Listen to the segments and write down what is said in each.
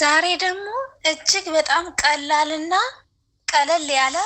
ዛሬ ደግሞ እጅግ በጣም ቀላልና ቀለል ያለ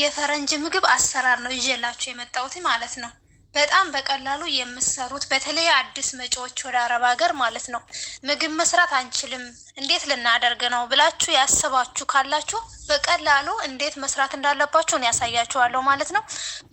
የፈረንጅ ምግብ አሰራር ነው ይዤላችሁ የመጣሁት ማለት ነው። በጣም በቀላሉ የምሰሩት በተለይ አዲስ መጪዎች ወደ አረብ ሀገር ማለት ነው ምግብ መስራት አንችልም፣ እንዴት ልናደርግ ነው ብላችሁ ያሰባችሁ ካላችሁ በቀላሉ እንዴት መስራት እንዳለባችሁን ያሳያችኋለሁ ማለት ነው።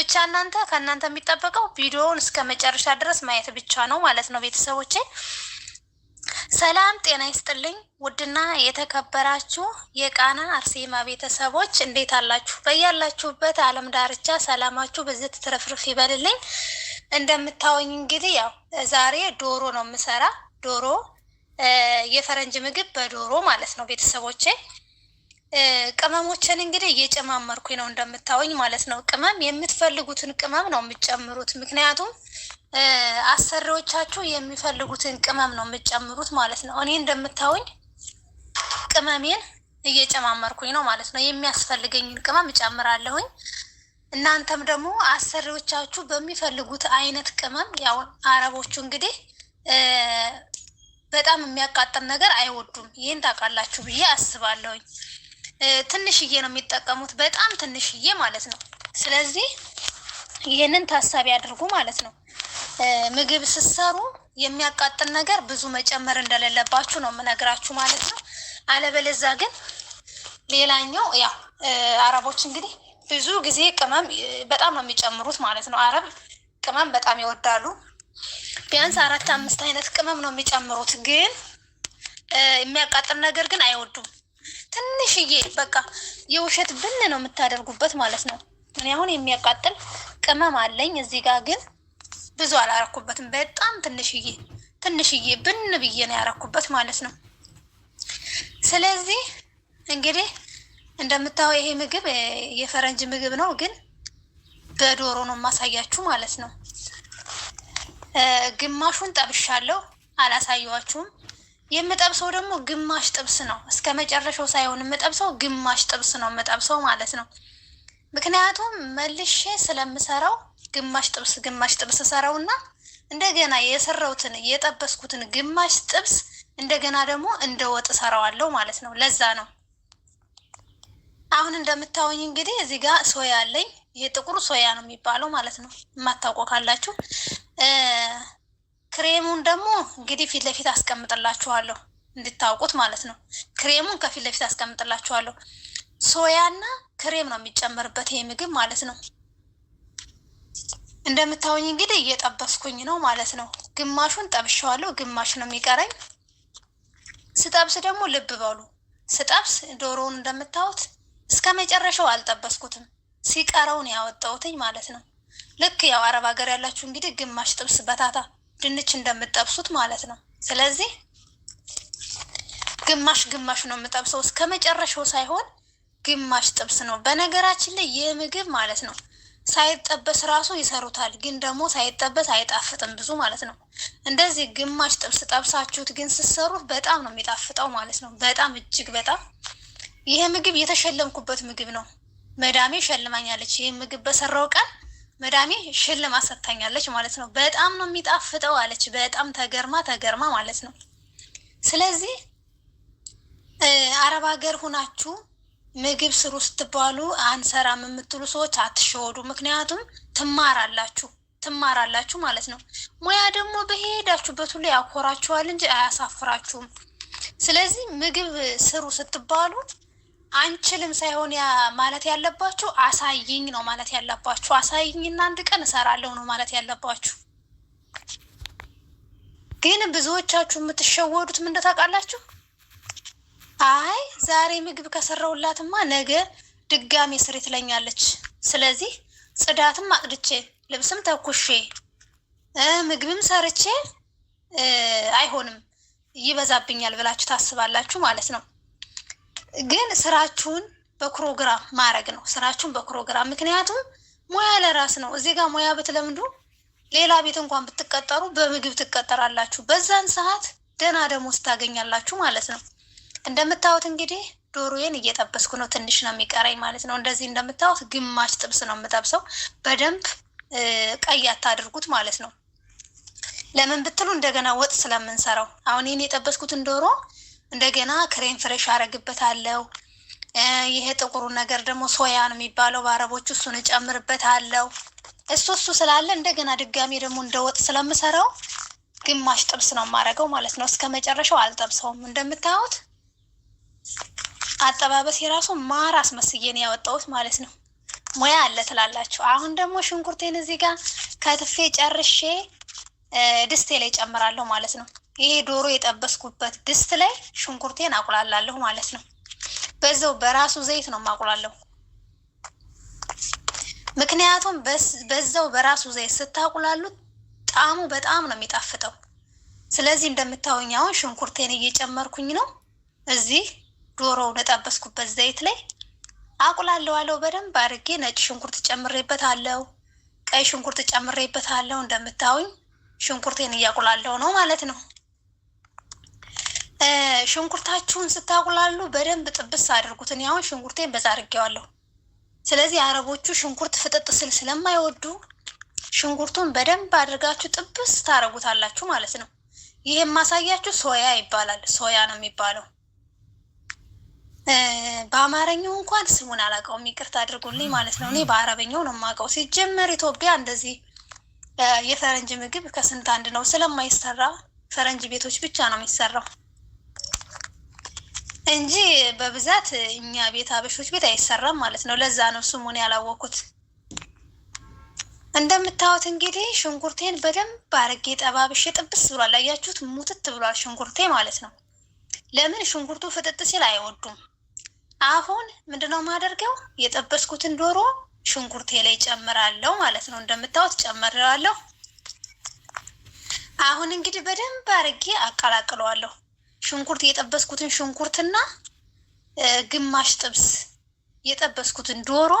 ብቻ እናንተ ከእናንተ የሚጠበቀው ቪዲዮውን እስከ መጨረሻ ድረስ ማየት ብቻ ነው ማለት ነው ቤተሰቦቼ ሰላም ጤና ይስጥልኝ። ውድና የተከበራችሁ የቃና አርሴማ ቤተሰቦች እንዴት አላችሁ? በያላችሁበት ዓለም ዳርቻ ሰላማችሁ ብዝት ትረፍርፍ ይበልልኝ። እንደምታወኝ እንግዲህ ያው ዛሬ ዶሮ ነው የምሰራ። ዶሮ የፈረንጅ ምግብ በዶሮ ማለት ነው ቤተሰቦቼ። ቅመሞችን እንግዲህ እየጨማመርኩኝ ነው እንደምታወኝ ማለት ነው። ቅመም የምትፈልጉትን ቅመም ነው የምትጨምሩት። ምክንያቱም አሰሪዎቻችሁ የሚፈልጉትን ቅመም ነው የምትጨምሩት ማለት ነው። እኔ እንደምታውኝ ቅመሜን እየጨማመርኩኝ ነው ማለት ነው። የሚያስፈልገኝን ቅመም እጨምራለሁኝ። እናንተም ደግሞ አሰሪዎቻችሁ በሚፈልጉት አይነት ቅመም ያው አረቦቹ እንግዲህ በጣም የሚያቃጥል ነገር አይወዱም። ይህን ታውቃላችሁ ብዬ አስባለሁኝ። ትንሽዬ ነው የሚጠቀሙት፣ በጣም ትንሽዬ ማለት ነው። ስለዚህ ይህንን ታሳቢ አድርጉ ማለት ነው። ምግብ ስትሰሩ የሚያቃጥል ነገር ብዙ መጨመር እንደሌለባችሁ ነው የምነግራችሁ ማለት ነው። አለበለዛ ግን ሌላኛው ያው አረቦች እንግዲህ ብዙ ጊዜ ቅመም በጣም ነው የሚጨምሩት ማለት ነው። አረብ ቅመም በጣም ይወዳሉ። ቢያንስ አራት አምስት አይነት ቅመም ነው የሚጨምሩት፣ ግን የሚያቃጥል ነገር ግን አይወዱም። ትንሽዬ በቃ የውሸት ብን ነው የምታደርጉበት ማለት ነው። እኔ አሁን የሚያቃጥል ቅመም አለኝ እዚህ ጋር ግን ብዙ አላረኩበትም። በጣም ትንሽዬ ትንሽዬ ብን ብዬ ነው ያረኩበት ማለት ነው። ስለዚህ እንግዲህ እንደምታየው ይሄ ምግብ የፈረንጅ ምግብ ነው፣ ግን በዶሮ ነው የማሳያችሁ ማለት ነው። ግማሹን ጠብሻለሁ፣ አላሳየዋችሁም። የምጠብሰው ደግሞ ግማሽ ጥብስ ነው። እስከ መጨረሻው ሳይሆን የምጠብሰው ግማሽ ጥብስ ነው የምጠብሰው ማለት ነው። ምክንያቱም መልሼ ስለምሰራው ግማሽ ጥብስ ግማሽ ጥብስ ሰራውና እንደገና የሰራውትን የጠበስኩትን ግማሽ ጥብስ እንደገና ደግሞ እንደ ወጥ ሰራዋለው ማለት ነው። ለዛ ነው አሁን እንደምታወኝ እንግዲህ እዚህ ጋር ሶያ አለኝ። ይሄ ጥቁር ሶያ ነው የሚባለው ማለት ነው። የማታውቆ ካላችሁ ክሬሙን ደግሞ እንግዲህ ፊት ለፊት አስቀምጥላችኋለሁ እንድታውቁት ማለት ነው። ክሬሙን ከፊት ለፊት አስቀምጥላችኋለሁ። ሶያና ክሬም ነው የሚጨመርበት ይሄ ምግብ ማለት ነው። እንደምታወኝ እንግዲህ እየጠበስኩኝ ነው ማለት ነው። ግማሹን ጠብሸዋለሁ፣ ግማሽ ነው የሚቀረኝ። ስጠብስ ደግሞ ልብ በሉ፣ ስጠብስ ዶሮውን እንደምታዩት እስከ መጨረሻው አልጠበስኩትም፣ ሲቀረውን ያወጣውትኝ ማለት ነው። ልክ ያው አረብ ሀገር ያላችሁ እንግዲህ ግማሽ ጥብስ በታታ ድንች እንደምጠብሱት ማለት ነው። ስለዚህ ግማሽ ግማሽ ነው የምጠብሰው፣ እስከ መጨረሻው ሳይሆን ግማሽ ጥብስ ነው። በነገራችን ላይ ይህ ምግብ ማለት ነው ሳይጠበስ ራሱ ይሰሩታል። ግን ደግሞ ሳይጠበስ አይጣፍጥም ብዙ ማለት ነው። እንደዚህ ግማሽ ጥብስ ጠብሳችሁት ግን ስትሰሩት በጣም ነው የሚጣፍጠው ማለት ነው። በጣም እጅግ በጣም ይሄ ምግብ የተሸለምኩበት ምግብ ነው። መዳሜ ሸልማኛለች። ይህ ምግብ በሰራው ቀን መዳሜ ሽልማ ሰጥታኛለች ማለት ነው። በጣም ነው የሚጣፍጠው አለች። በጣም ተገርማ ተገርማ ማለት ነው። ስለዚህ አረብ ሀገር ሁናችሁ ምግብ ስሩ ስትባሉ አንሰራም የምትሉ ሰዎች አትሸወዱ። ምክንያቱም ትማራላችሁ ትማራላችሁ ማለት ነው። ሙያ ደግሞ በሄዳችሁበት ሁሉ ያኮራችኋል እንጂ አያሳፍራችሁም። ስለዚህ ምግብ ስሩ ስትባሉ አንችልም ሳይሆን ማለት ያለባችሁ አሳይኝ ነው ማለት ያለባችሁ። አሳይኝና አንድ ቀን እሰራለሁ ነው ማለት ያለባችሁ። ግን ብዙዎቻችሁ የምትሸወዱት ምን እንደታውቃላችሁ አይ ዛሬ ምግብ ከሰራውላትማ ነገ ድጋሜ ስሪ ትለኛለች። ስለዚህ ጽዳትም አጽድቼ ልብስም ተኩሼ ምግብም ሰርቼ አይሆንም ይበዛብኛል ብላችሁ ታስባላችሁ ማለት ነው። ግን ስራችሁን በፕሮግራም ማድረግ ነው። ስራችሁን በፕሮግራም ምክንያቱም ሙያ ለራስ ነው። እዚህ ጋር ሙያ ብትለምዱ ሌላ ቤት እንኳን ብትቀጠሩ በምግብ ትቀጠራላችሁ። በዛን ሰዓት ደህና ደሞዝ ታገኛላችሁ ማለት ነው። እንደምታዩት እንግዲህ ዶሮዬን እየጠበስኩ ነው። ትንሽ ነው የሚቀረኝ ማለት ነው። እንደዚህ እንደምታዩት ግማሽ ጥብስ ነው የምጠብሰው። በደንብ ቀይ አታድርጉት ማለት ነው። ለምን ብትሉ እንደገና ወጥ ስለምንሰራው አሁን ይህን የጠበስኩትን ዶሮ እንደገና ክሬም ፍሬሽ አረግበታለሁ። ይሄ ጥቁሩ ነገር ደግሞ ሶያ ነው የሚባለው በአረቦቹ፣ እሱን እጨምርበታለሁ። እሱ እሱ ስላለ እንደገና ድጋሚ ደግሞ እንደ ወጥ ስለምሰራው ግማሽ ጥብስ ነው የማደርገው ማለት ነው። እስከ መጨረሻው አልጠብሰውም እንደምታዩት አጠባበስ የራሱ ማር አስመስዬን ያወጣሁት ማለት ነው። ሙያ አለ ትላላችሁ። አሁን ደግሞ ሽንኩርቴን እዚህ ጋር ከትፌ ጨርሼ ድስቴ ላይ ጨምራለሁ ማለት ነው። ይሄ ዶሮ የጠበስኩበት ድስት ላይ ሽንኩርቴን አቁላላለሁ ማለት ነው። በዛው በራሱ ዘይት ነው ማቁላለሁ። ምክንያቱም በዛው በራሱ ዘይት ስታቁላሉት ጣዕሙ በጣም ነው የሚጣፍጠው። ስለዚህ እንደምታወኝ አሁን ሽንኩርቴን እየጨመርኩኝ ነው እዚህ ዶሮውን የጠበስኩበት ዘይት ላይ አቁላለሁ አለው። በደንብ አድርጌ ነጭ ሽንኩርት ጨምሬበት አለው። ቀይ ሽንኩርት ጨምሬበት አለው። እንደምታዩኝ ሽንኩርቴን እያቁላለሁ ነው ማለት ነው። ሽንኩርታችሁን ስታቁላሉ በደንብ ጥብስ አድርጉት። እኔ አሁን ሽንኩርቴን በዛ አድርጌዋለሁ። ስለዚህ አረቦቹ ሽንኩርት ፍጥጥ ስል ስለማይወዱ ሽንኩርቱን በደንብ አድርጋችሁ ጥብስ ታረጉታላችሁ ማለት ነው። ይህ የማሳያችሁ ሶያ ይባላል። ሶያ ነው የሚባለው። በአማርኛው እንኳን ስሙን አላውቀውም፣ ይቅርታ አድርጉልኝ ማለት ነው። እኔ በአረበኛው ነው የማውቀው። ሲጀመር ኢትዮጵያ እንደዚህ የፈረንጅ ምግብ ከስንት አንድ ነው ስለማይሰራ ፈረንጅ ቤቶች ብቻ ነው የሚሰራው እንጂ በብዛት እኛ ቤት አበሾች ቤት አይሰራም ማለት ነው። ለዛ ነው ስሙን ያላወኩት። እንደምታዩት እንግዲህ ሽንኩርቴን በደንብ አርጌ ጠባብሼ ጥብስ ብሏል። አያችሁት? ሙትት ብሏል ሽንኩርቴ ማለት ነው። ለምን ሽንኩርቱ ፍጥጥ ሲል አይወዱም። አሁን ምንድነው የማደርገው? የጠበስኩትን ዶሮ ሽንኩርቴ ላይ ጨምራለሁ ማለት ነው። እንደምታዩት ጨምረዋለሁ። አሁን እንግዲህ በደንብ አርጌ አቀላቅለዋለሁ። ሽንኩርት የጠበስኩትን ሽንኩርትና ግማሽ ጥብስ የጠበስኩትን ዶሮ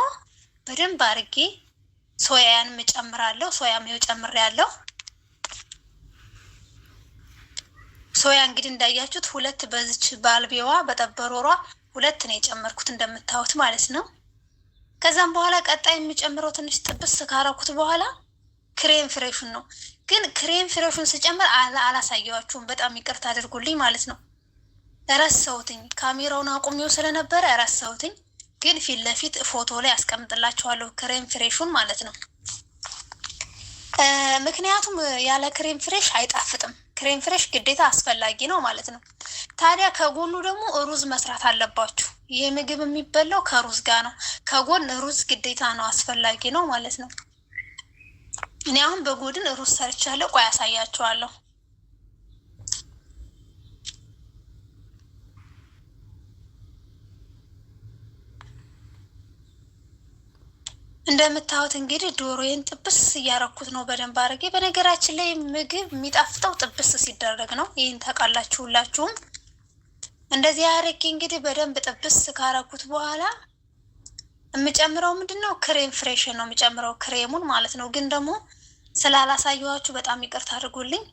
በደንብ አርጌ ሶያንም እጨምራለሁ። ሶያም ይኸው ጨምሬያለሁ። ሶያ እንግዲህ እንዳያችሁት ሁለት በዝች ባልቤዋ በጠበሮሯ ሁለት ነው የጨመርኩት እንደምታዩት ማለት ነው። ከዛም በኋላ ቀጣይ የሚጨምረው ትንሽ ጥብስ ካረኩት በኋላ ክሬም ፍሬሹን ነው። ግን ክሬም ፍሬሹን ስጨምር አላሳየዋችሁም፣ በጣም ይቅርታ አድርጉልኝ ማለት ነው። ረሰውትኝ ካሜራውን አቁሜው ስለነበረ ረሰውትኝ። ግን ፊት ለፊት ፎቶ ላይ አስቀምጥላችኋለሁ ክሬም ፍሬሹን ማለት ነው። ምክንያቱም ያለ ክሬም ፍሬሽ አይጣፍጥም። ክሬም ፍሬሽ ግዴታ አስፈላጊ ነው ማለት ነው። ታዲያ ከጎኑ ደግሞ ሩዝ መስራት አለባችሁ። ይህ ምግብ የሚበላው ከሩዝ ጋር ነው። ከጎን ሩዝ ግዴታ ነው፣ አስፈላጊ ነው ማለት ነው። እኔ አሁን በጎድን ሩዝ ሰርቻለሁ። ቆይ ያሳያችኋለሁ። እንደምታዩት እንግዲህ ዶሮዬን ጥብስ እያረኩት ነው በደንብ አድርጌ። በነገራችን ላይ ምግብ የሚጣፍጠው ጥብስ ሲደረግ ነው። ይህን ታውቃላችሁ ሁላችሁም። እንደዚህ አድርጌ እንግዲህ በደንብ ጥብስ ካረኩት በኋላ የምጨምረው ምንድን ነው? ክሬም ፍሬሽን ነው የምጨምረው፣ ክሬሙን ማለት ነው። ግን ደግሞ ስላላሳየኋችሁ በጣም ይቅርታ አድርጉልኝ።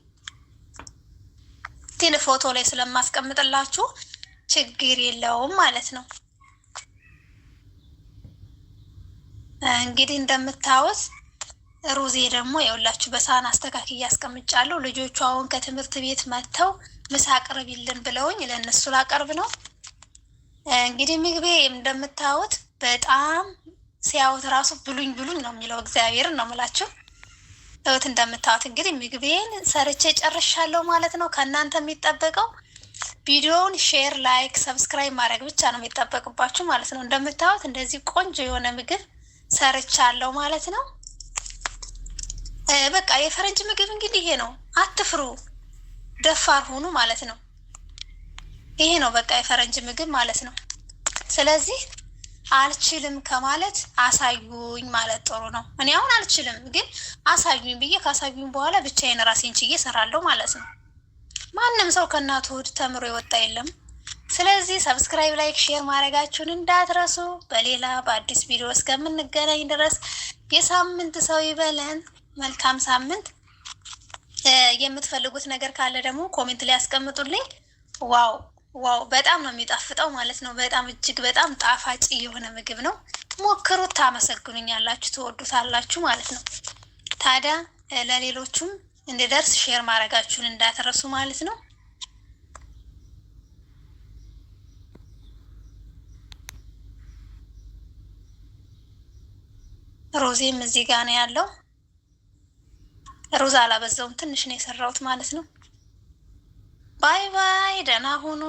ቲን ፎቶ ላይ ስለማስቀምጥላችሁ ችግር የለውም ማለት ነው። እንግዲህ እንደምታወስ ሩዜ ደግሞ የሁላችሁ በሳህን አስተካክ እያስቀምጫለሁ። ልጆቹ አሁን ከትምህርት ቤት መጥተው ምሳ አቅርቢልን ብለውኝ ለእነሱ ላቀርብ ነው። እንግዲህ ምግቤ እንደምታዩት በጣም ሲያዩት ራሱ ብሉኝ ብሉኝ ነው የሚለው። እግዚአብሔርን ነው የምላችሁ። እውት እንደምታዩት እንግዲህ ምግቤን ሰርቼ ጨርሻለሁ ማለት ነው። ከእናንተ የሚጠበቀው ቪዲዮውን ሼር፣ ላይክ፣ ሰብስክራይብ ማድረግ ብቻ ነው የሚጠበቅባችሁ ማለት ነው። እንደምታዩት እንደዚህ ቆንጆ የሆነ ምግብ ሰርቻለሁ ማለት ነው። በቃ የፈረንጅ ምግብ እንግዲህ ይሄ ነው። አትፍሩ፣ ደፋር ሁኑ ማለት ነው። ይሄ ነው በቃ የፈረንጅ ምግብ ማለት ነው። ስለዚህ አልችልም ከማለት አሳዩኝ ማለት ጥሩ ነው። እኔ አሁን አልችልም ግን አሳዩኝ ብዬ ካሳዩኝ በኋላ ብቻዬን ራሴን ችዬ እሰራለሁ ማለት ነው። ማንም ሰው ከእናቱ ሆድ ተምሮ የወጣ የለም። ስለዚህ ሰብስክራይብ፣ ላይክ፣ ሼር ማድረጋችሁን እንዳትረሱ። በሌላ በአዲስ ቪዲዮ እስከምንገናኝ ድረስ የሳምንት ሰው ይበለን። መልካም ሳምንት። የምትፈልጉት ነገር ካለ ደግሞ ኮሜንት ላይ ያስቀምጡልኝ። ዋው ዋው! በጣም ነው የሚጣፍጠው ማለት ነው። በጣም እጅግ በጣም ጣፋጭ የሆነ ምግብ ነው። ሞክሩት፣ ታመሰግኑኛላችሁ፣ ትወዱታላችሁ ማለት ነው። ታዲያ ለሌሎቹም እንዲደርስ ሼር ማድረጋችሁን እንዳትረሱ ማለት ነው። ሮዜም እዚህ ጋ ነው ያለው። ሮዝ አላበዛውም፣ ትንሽ ነው የሰራሁት ማለት ነው። ባይ ባይ፣ ደህና ሁኑ።